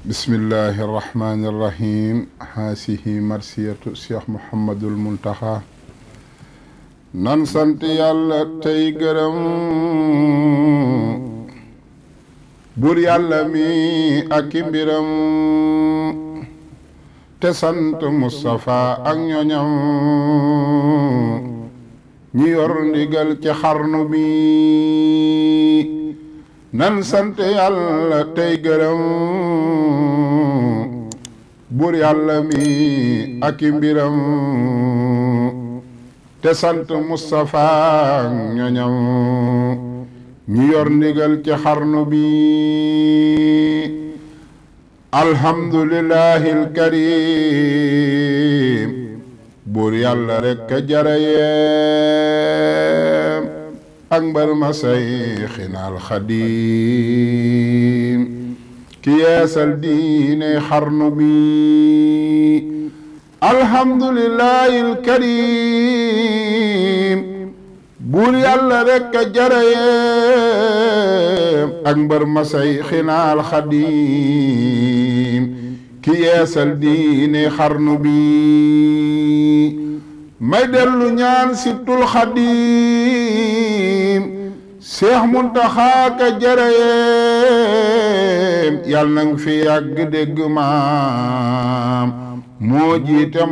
bismillahi irrahmani irrahim haasihi marsiyatu cheikh mohammadul muntaxa nan sant yàlla tey gërëm buur yàlla mi ak i mbiram te sant Moustapha ak ñoñam ñi yor ndigal ci xarnu bi nan sant yàlla tey gërëm buur yàlla mi ak i mbiram te sant Moustapha ñoñam ñu yor ndigal ci xarnu bi alhamdulillahi alkarim buur yàlla rekk a jara أكبر مسيخنا الخديم كياس الدين حرنبي الحمد لله الكريم بور يالا رك جريم أكبر مسيخنا الخديم كياس الدين حرنبي may dellu ñaan si tul xadiim seex muntaxa ka jërëyeem yal nang fi yàgg dégg maam moo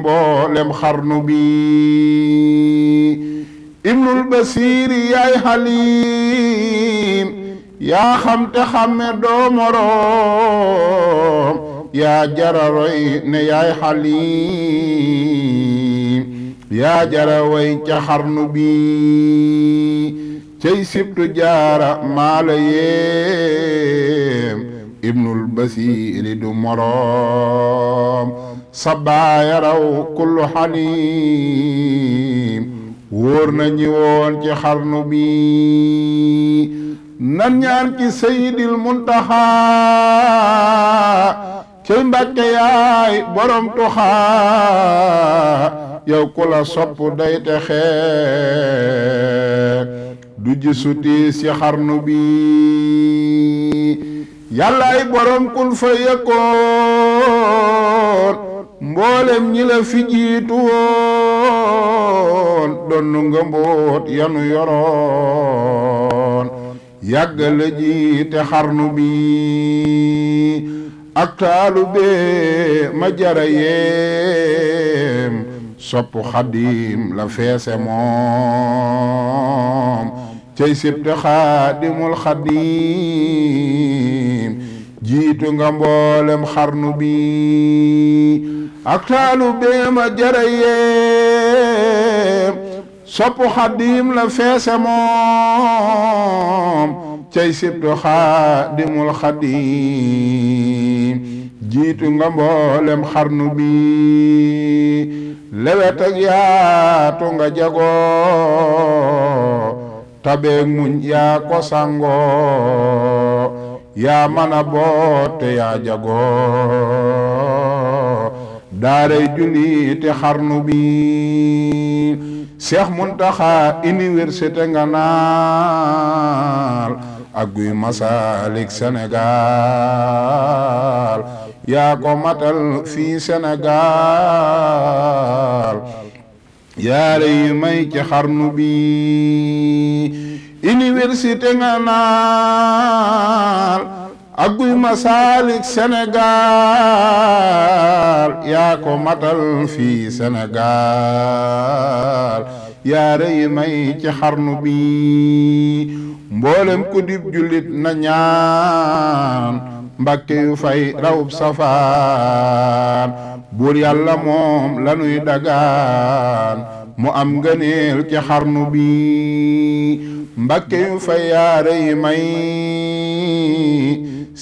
mboolem xarnu bi ibnul basiiri yaay xaliim yaa xam te xàmme doo yaa jararoy ne yaay xaliim yaa jara way xarnu bi cey sibtu jaara maala yeem ibnul basiiri du moroom sabaaya raw kullu xalim wóor na ñi woon ci xarnu bi nan ñaan ci sayidil muntaxa cey mbàkke yaay borom tuxa yow ku la sopp day te xeek du gisu tiis ci xarnu bi yàllaay borom kun fa yëkkoon mboolem ñi fi jiitu woon donnu nga mboot yanu yoroon yàgg la jiite xarnu bi ak taalu bee ma jara yeem sopp xadim la feese moom cey sibte xaadimul xadim jiitu nga mboolem xarnu bi ak taalu beema jërëyeem sopp xadim la feese moom cey sibte xaadimul xadim jiitu nga mboolem xarnu bi lewet ak yaatu nga jagoo muñ yaa ko yaa mën a boote yaa jagoo daaray junni xarnu bi Seex Muntaxa université nga naal ak guy Masalik Sénégal yaa ko matal fii Sénégal yaare yi may ci xarnu bi université nga naal ak guy masaalik Sénégal yaa ko matal fii Sénégal yaare yi may ci xarnu bi mboolem ku dib jullit na ñaan mbàkke yu fay rawub safaan buur yàlla moom lanuy dagaan mu am ngëneel ci xarnu bi mbàkke yu fay yaare yi may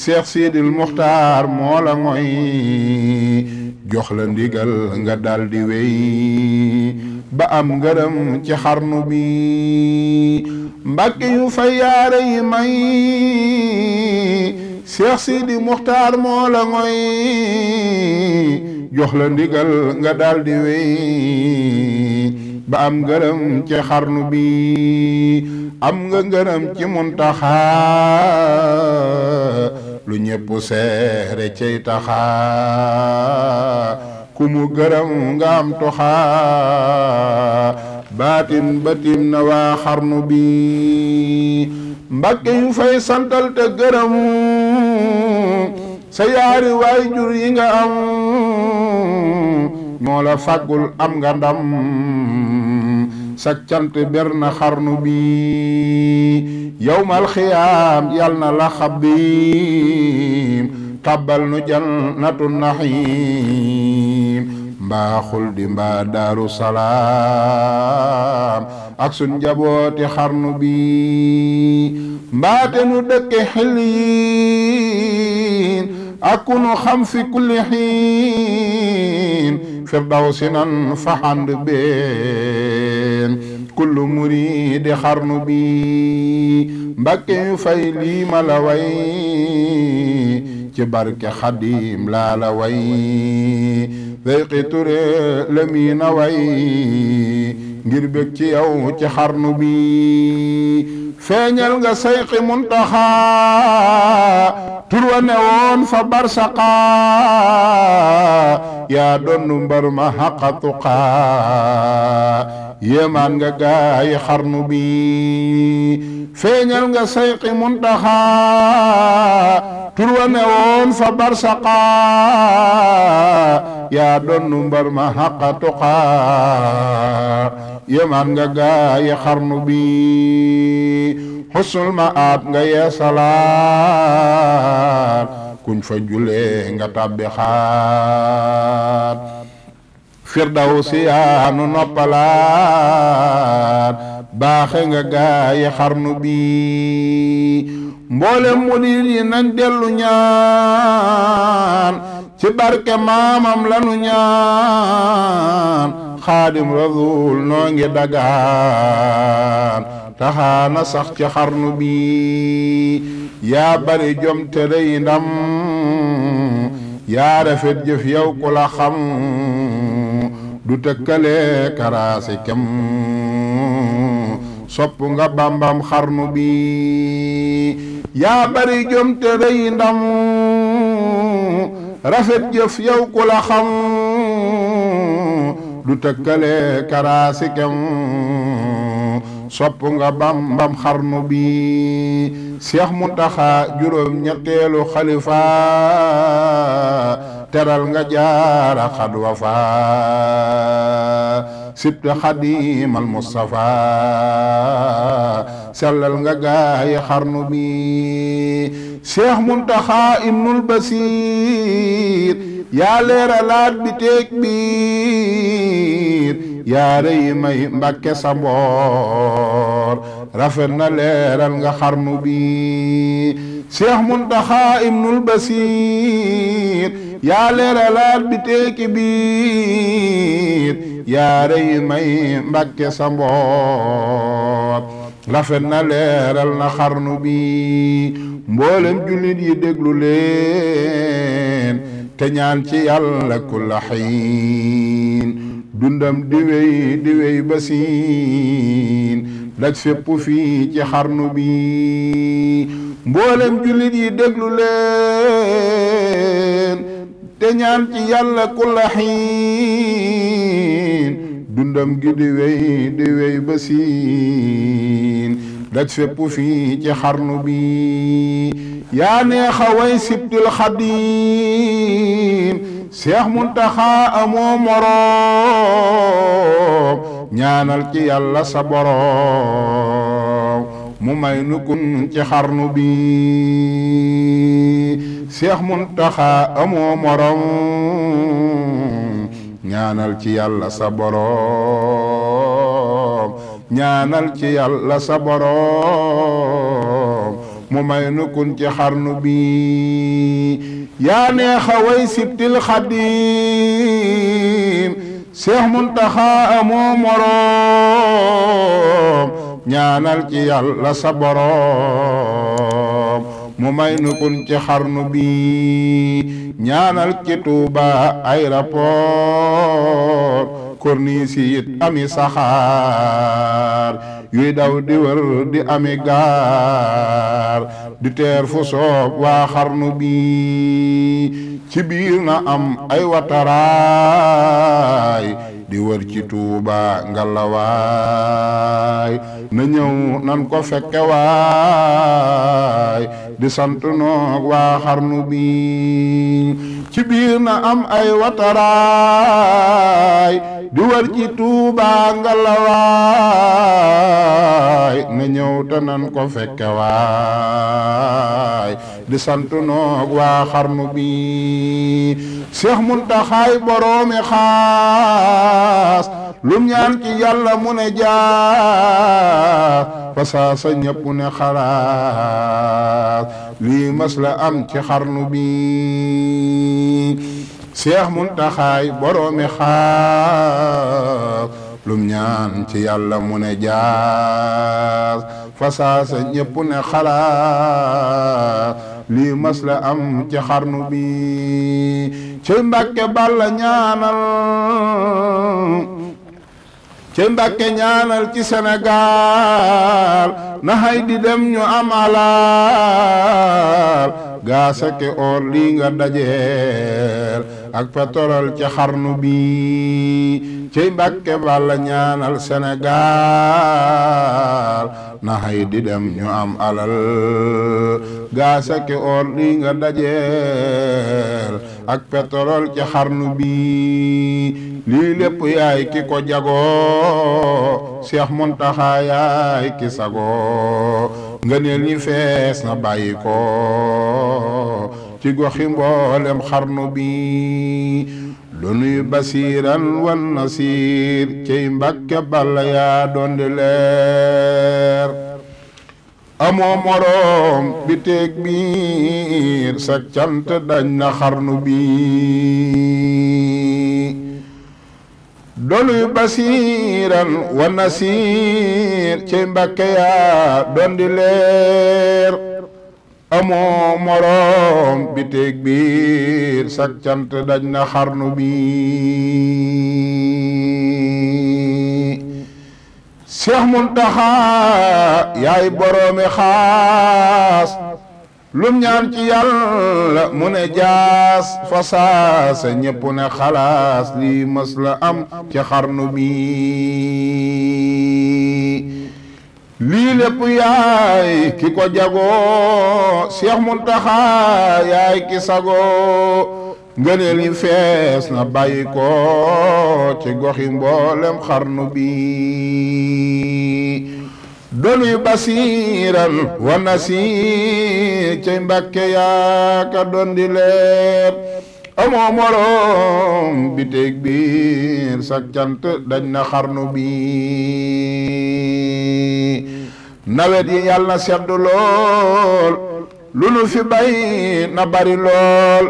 seex siidil muxtaar moo la ngoy jox la ndigal nga daldi wéy ba am ngërëm ci xarnu bi mbàkke yu fay yaare yi may Cheikh Sidi Muxtaar moo la ngoy jox la ndigal nga daldi wey ba am ngërëm ci xarnu bi am nga ngërëm ci muntaxaa lu ñépp seere cey taxaa ku mu gërëm nga am toxaa baatin batim na waa xarnu bi mbakke yu fay santal te gërëm sa yaari waay jur yi nga am moo la am nga ndam sak cant na xarnu bi yowmal xiyaam yal na la tabbal nu jannatu naxiim mbaaxul di mbaa daaru salaam njabooti xarnu bi mbaate nu dëkke xilliin أكون خم في كل حين فردوس فحند بين كل مريد خرن بي بكي فيلي ملوي كبرك خديم لا لوي ذيق تري لمين وي ngir bég ci yow ci xarnu bi feeñal nga sayqi muntaxa turwa ne woon fa barsaqa yaa doon mbar ma xaqa tuqa yéemaan nga gaay xarnu bi feeñal nga sayqi muntaxa turwa ne woon fa barsaqa yaa doon mbar ma xaqa tuqa yéemaan nga gaay xarnu bi xusnul maab nga yeesalaat kuñ fa julee nga tàbbi xaat firdawsi yaa nu noppalaat baaxe nga gaayi xarnu bi mboolem murid yi nañ dellu ñaan ci barke maamam lanu ñaan xaadim rasul noo ngi dagaan taxaana sax xarnu bi yaa bari jom te day ndam yaa rafet jëf yow ku la xam du tëkkale karaasi kem sopp nga bambam xarnu bi yaa bari jom te day ndam rafet jëf yow ku la xam du tëkkale karaasi kem sopp nga bambam xarnu bi Cheikh Mountakha juróom ñetteelu xalifa teral nga jaara xad wafa sibta xadimal Mustafa sellal nga gaayi xarnu bi Cheikh Mountakha ibnul Basir yaa leeralaat bi teeg yaara yi may mbàkke sa mboor rafet na leeral nga xarnu bi cheikh muntaxa ibnul basir yaa leeralaat bi teeki biir yaara yi may mbàkke sa mboor rafet na leeral na xarnu bi mboolem jullit yi déglu leen te ñaan ci yàlla kulla xiin dundam di wéy di wéy ba siin daj fépp fii ci xarnu bi mboolem jullit yi déglu leen te ñaan ci yàlla kulla xiin dundam gi di wéy di wéy ba siin daj fépp ci xarnu bi yaa neexa way sibtul xadim Cheikh Muntaxa amoo moroom ñaanal ci yàlla sa boroom mu may nu ci xarnu bi Cheikh Muntaxa amoo moroom ñaanal ci yàlla sa ñaanal ci yàlla sa boroom mu may nu kun ci xarnu bi yaa neex way sibtil xadiim seex muntaxa amoo moroom ñaanal ci yàlla sa boroom mu may nu kun ci xarnu bi ñaanal ci Tuuba aéroport corniche yi ami saxaar yuy daw di wër di ami gaar di teer fu soob waa xarnu bi ci biir na am ay wataraay di wër ci tuuba ngalawaay na ñëw nan ko fekke waay di sant noog waa xarnu bi ci biir na am ay wataraay di wër ci tuuba ngalawaay waay na ñëw te nan ko fekke waay di waa xarnu bi Seex Muntaxaay boroomi xaas lum ñaan ci yàlla mu ne jaar fasaasa ñëpp ne lii mas am ci xarnu bi Seex Muntaxaay boroomi xaas lum ñaan ci yàlla mu ne jaas fasaasa ñépp ne xalaas lii mas la am ci xarnu bi ci mbàkke balla ñaanal ci mbàkke ñaanal ci Sénégal na xay di dem ñu am alaal gaasake or lii nga dajeel ak pétrole ci xarnu bi ci mbàkke balla ñaanal Sénégal na di dem ñu am alal gaasa ki or di nga dajeel ak pétrole ci xarnu bi lii lépp yaay ki ko jagoo Cheikh Muntaxa yaay ki sagoo nga neel ñi fees na bàyyi ko ci goxi mboolem xarnu bi lu nuy basiiran nasiir cey mbàkke balla yaa doon leer amoo moroom bi teeg biir sa dañ na xarnu bi doluy basiiran wa nasiir cey mbàkke yaa doon leer amoo moroom bi teeg biir sak cant daj xarnu bi Seex Muntaxa yaay boroomi xaas lum ñaan ci yàlla mu jaas fasaasa ñépp ne xalaas lii mës am ci xarnu bi lii lépp yaay ki ko jagoo Cheikh Mountakha yaay ki sagoo ngëneel yi fees na bàyyi ko ci goxi mboolem xarnu bi donuy basiiran wa nasiir cay mbàkke yaaka doon di leer amoo moroom bi teeg biir sak cant dañ na xarnu bi nawet yi yàlla na sedd lool lu nu fi bay na bari lool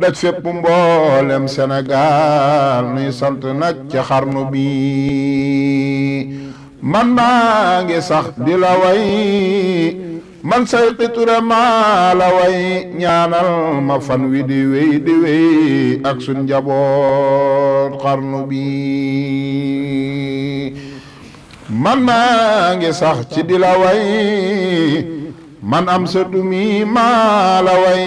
daj fépp mboolem Sénégal nuy sant nag ci xarnu bi man maa sax di la way man say xitura maa la way ñaanal ma fan wi di wéy di wéy ak suñ njaboot xarnu bi man maa sax ci di la way man am sa dumi maa la way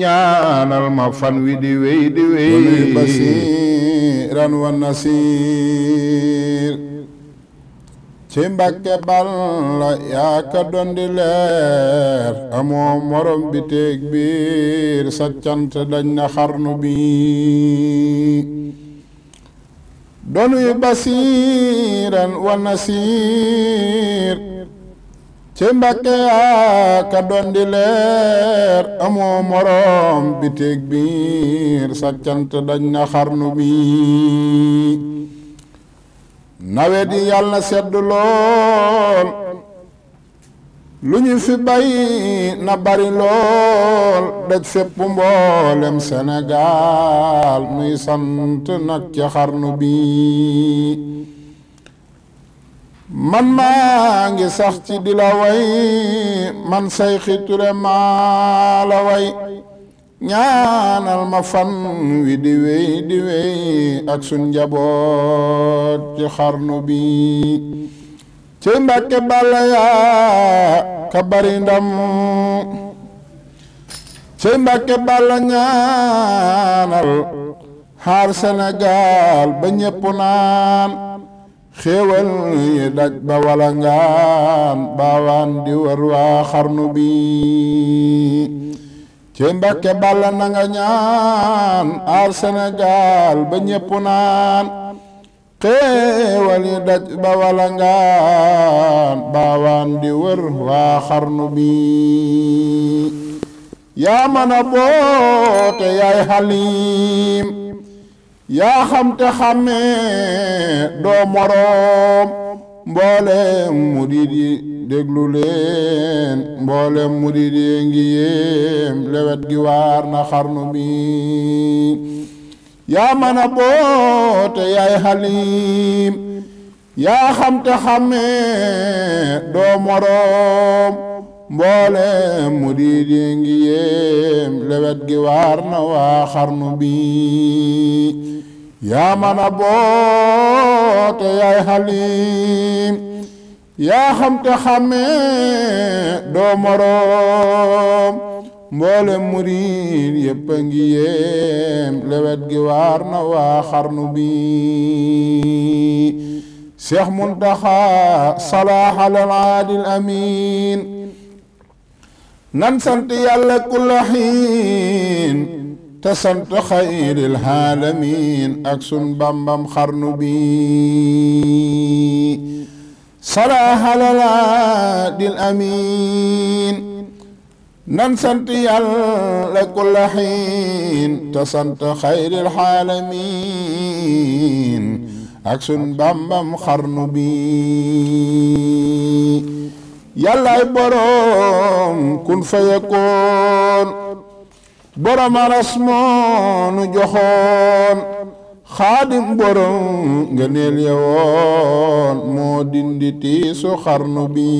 ñaanal ma fan wi di wéy di wéy basiran wa nasir ci mbàkke bal la yaa ka dondi leer amoo morom bi biir sa dañ na xarnu bi donuy basiiran wa nasiir ci mbàkke yaa ka dondi leer amoo morom bi biir sa dañ na xarnu bi nawet yi yàlla na sedd lool lu ñu fi bay na bari lool daj fépp mboolem Sénégal muy sant nag ci xarnu bi man maa ngi sax ci di la way man say xiture maa la way ñaanal ma fan wi di wéy di wéy ak sun njaboot ci xarnu bi ci mbàkke balla yaa ka bari ndam ci mbàkke balla ñaanal xaar Sénégal ba ñépp naan xéewal yi daj ba wala ngaan baawaan di wër waa xarnu bi ci Mbàkke balla na ñaan aar Sénégal ba ñépp naan xéewal yi daj ba wala ngaan baawaan di wër waa xarnu bi yaa mën a boote yaay xaliim yaa xam xàmmee doo moroom mboole murid yi déglu leen mboolem murid ngi yéem lewet gi waar na xarnu mi yaa mën a boote yaay xaliim yaa xam xamee doo moroom mboolem murid ngi yéem lewet gi waar na waa xarnu bi yaa mën boote yaay xaliim yaa xam te xàmmee doo moroom mboolem murid yépp a ngi yem lewet gi waar na waa xarnu bi Cheikh Muntaxa Salah al aadil amiin nan sant yàlla kulla xiin te sant xayril aalamiin ak sun bambam xarnu bi صلاح لنا للأمين ننسنت يلا كل حين تسنت خير العالمين أكسن بامبام خرن بي يلا بروم كن فيكون برم رسمون جخون xaadim borom nga neel yowoon moo dindi xarnu bi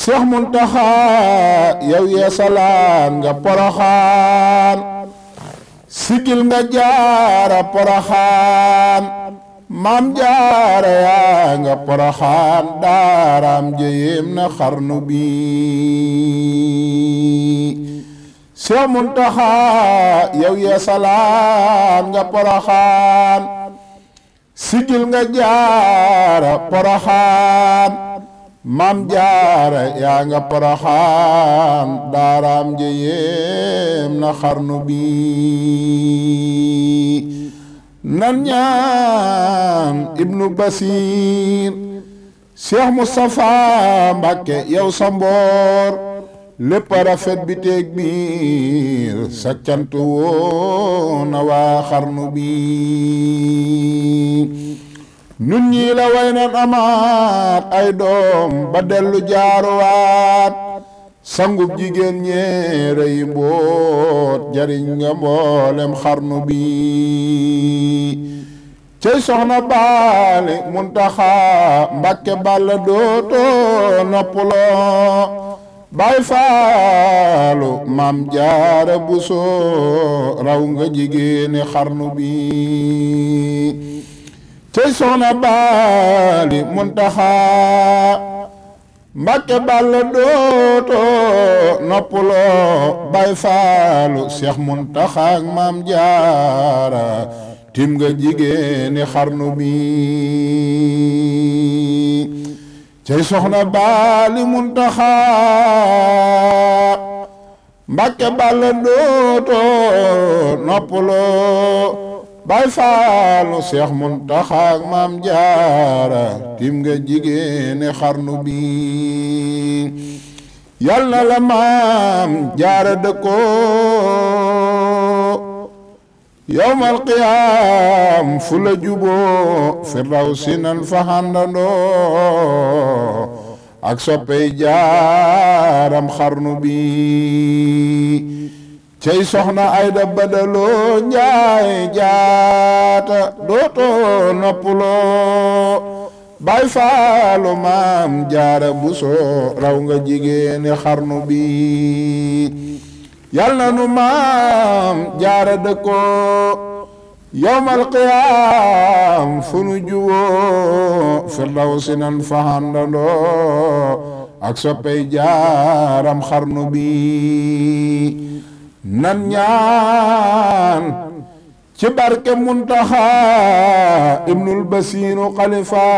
seex muntaxa yow yeesalaan nga poroxaan sigil nga jaara poroxaan maam jaara yaa nga poroxaan daaraam jeyem na xarnu bi Seex Muntaxa yow yee salaan nga poroxaan sigil nga jaara poroxaan maam jaara yaa nga poroxaan daaraam jeyem na xarnu bi nan ñaan ibnu basiir Seex Mustafaa Mbàkke yow sa lépp rafet bi teeg biir sa cant waa xarnu bi ñun ñii la way nan amaat ay doom ba dellu jaaruwaat sangub jigéen ñeere yi mboot jariñ nga mboolem xarnu bi cey soxna baali muntaxa mbàkke balla dootoo noppuloo bay faalu maam jaara buso raw nga jigéeni xarnu bi tey soxna baali muntaxa mbakke balla dooto noppuloo bay faalu seex muntaxa maam jaara tim nga jigéeni xarnu bi cey soxna baali muntaxa mbàkke balla dooto noppaloo bay faalu seex muntaxa maam jaara tim nga jigéeni xarnu bi yal la maam jaara dëkkoo yowmal qiyaam fu la juboo firdaw si nan fa xàndandoo ak soppey jaaram xarnu bi cey na ayda badaloo njaay jaata dootoo noppuloo bay faalu maam jaara busoo raw nga jigéeni xarnu bi yal na nu maam jaara yowmal qiyaam fu nu juwoo firdawsi nan fa handandoo ak soppey jaaram xarnu bi nan ñaan ci barke muntaxa ibnul basiinu xalifa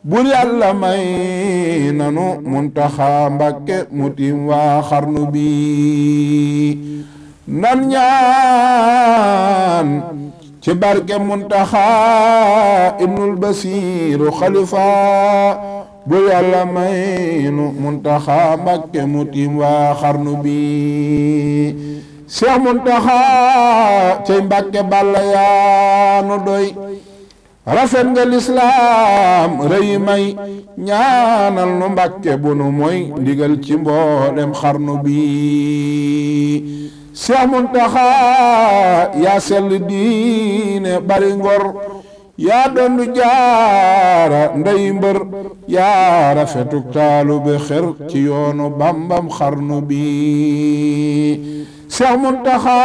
bur yàlla may nanu muntaxa mbàkke mutim waa xarnu bi nan ñaan ci barke muntaxa ibnul basiru xalifa bur yàlla may nu muntaxa mbàkke mutim waa xarnu bi seex muntaxa cay mbàkke balla yaa doy rafet nga lislaam rëy may ñaanal nu mbàkke bu nu mooy ndigal ci mboolem xarnu bi seex muntaxa yaa sell diine bari ngor yaa dondu jaara ndey mbër yaa rafetuk taalu bi xër ci yoonu bambam xarnu bi seex muntaxa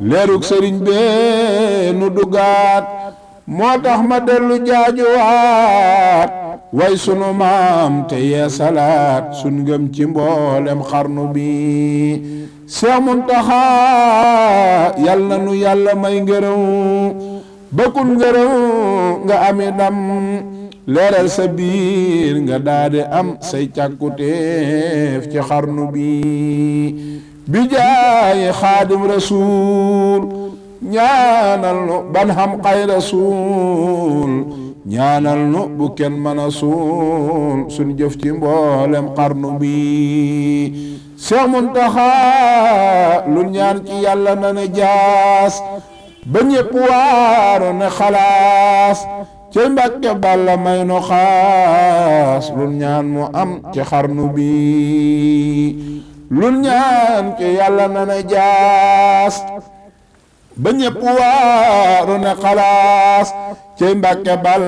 leerug sëriñ bee nu dugaat moo tax ma dellu jaajuwaat way sunu maam te yeesalaat sun ngëm ci mboolem xarnu bi Seex Muntaxa yal na nu yàlla may ngërëm bëkkul ngërëm nga ami ndam leeral sa biir nga daade am say càkkuteef ci xarnu bi bi jaayi xaadim rasuul ñaanal nu ban xam xay rasuul ñaanal nu bu kenn mën a suul suñ jëf ci mboolem xarnu bi Seex Muntaxa lu ñaan ci yàlla na ne jaas ba ñépp waaru ne xalaas ci Mbàkke Bàlla may nu xaas lu ñaan mu am ci xarnu bi lun ñaan ci yàlla nana jaas ba ñépp waaru ne xalaas cey mbàkke bal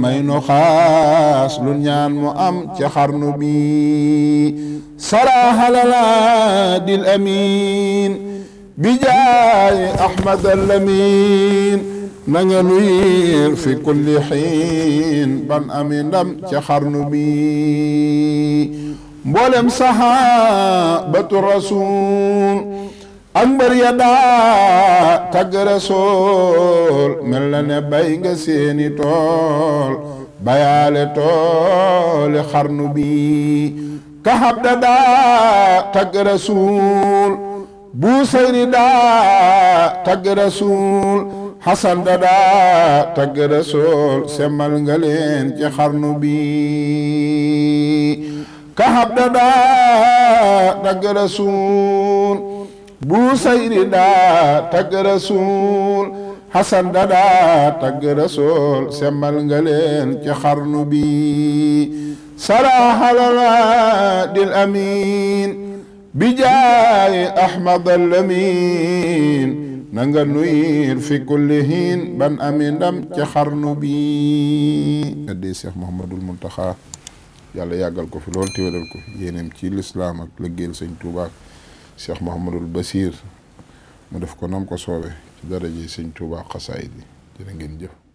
may nu xaas lun ñaan mu am ci xarnu bi saraaxalala dil amin bi jaay ahmad alamin na nga nuyil fi kulli xiin ban ami ndam ci xarnu bi mboolem saxaabatu rasuul ak mbër ya daa mel na ne bay nga seeni tool bayaale tooli xarnu bi kaxab da daa tagg rasool buusayri daa tagg rasool xasan da daa tagg rasool semmal nga leen ci xarnu bi كهب دا تقرسون بو سير دا تقرسون حسن دا تقرسول سمال غلين كخرن بي صلاح لنا الأمين بجاي أحمد الأمين nanga nuyir fi kulli hiin ban ami ndam ci xarnu bi addee Cheikh Mouhamadul Muntaxa yàlla yàggal ko fi loolu te wéral ko fi yéeneem ci lislaam ak lëggéeyal sëñ Tuuba ak Cheikh Mouhamadul Basir mu def ko nam ko soobe ci daraje sëñ Tuuba xasaayid yi jërë ngeen jëf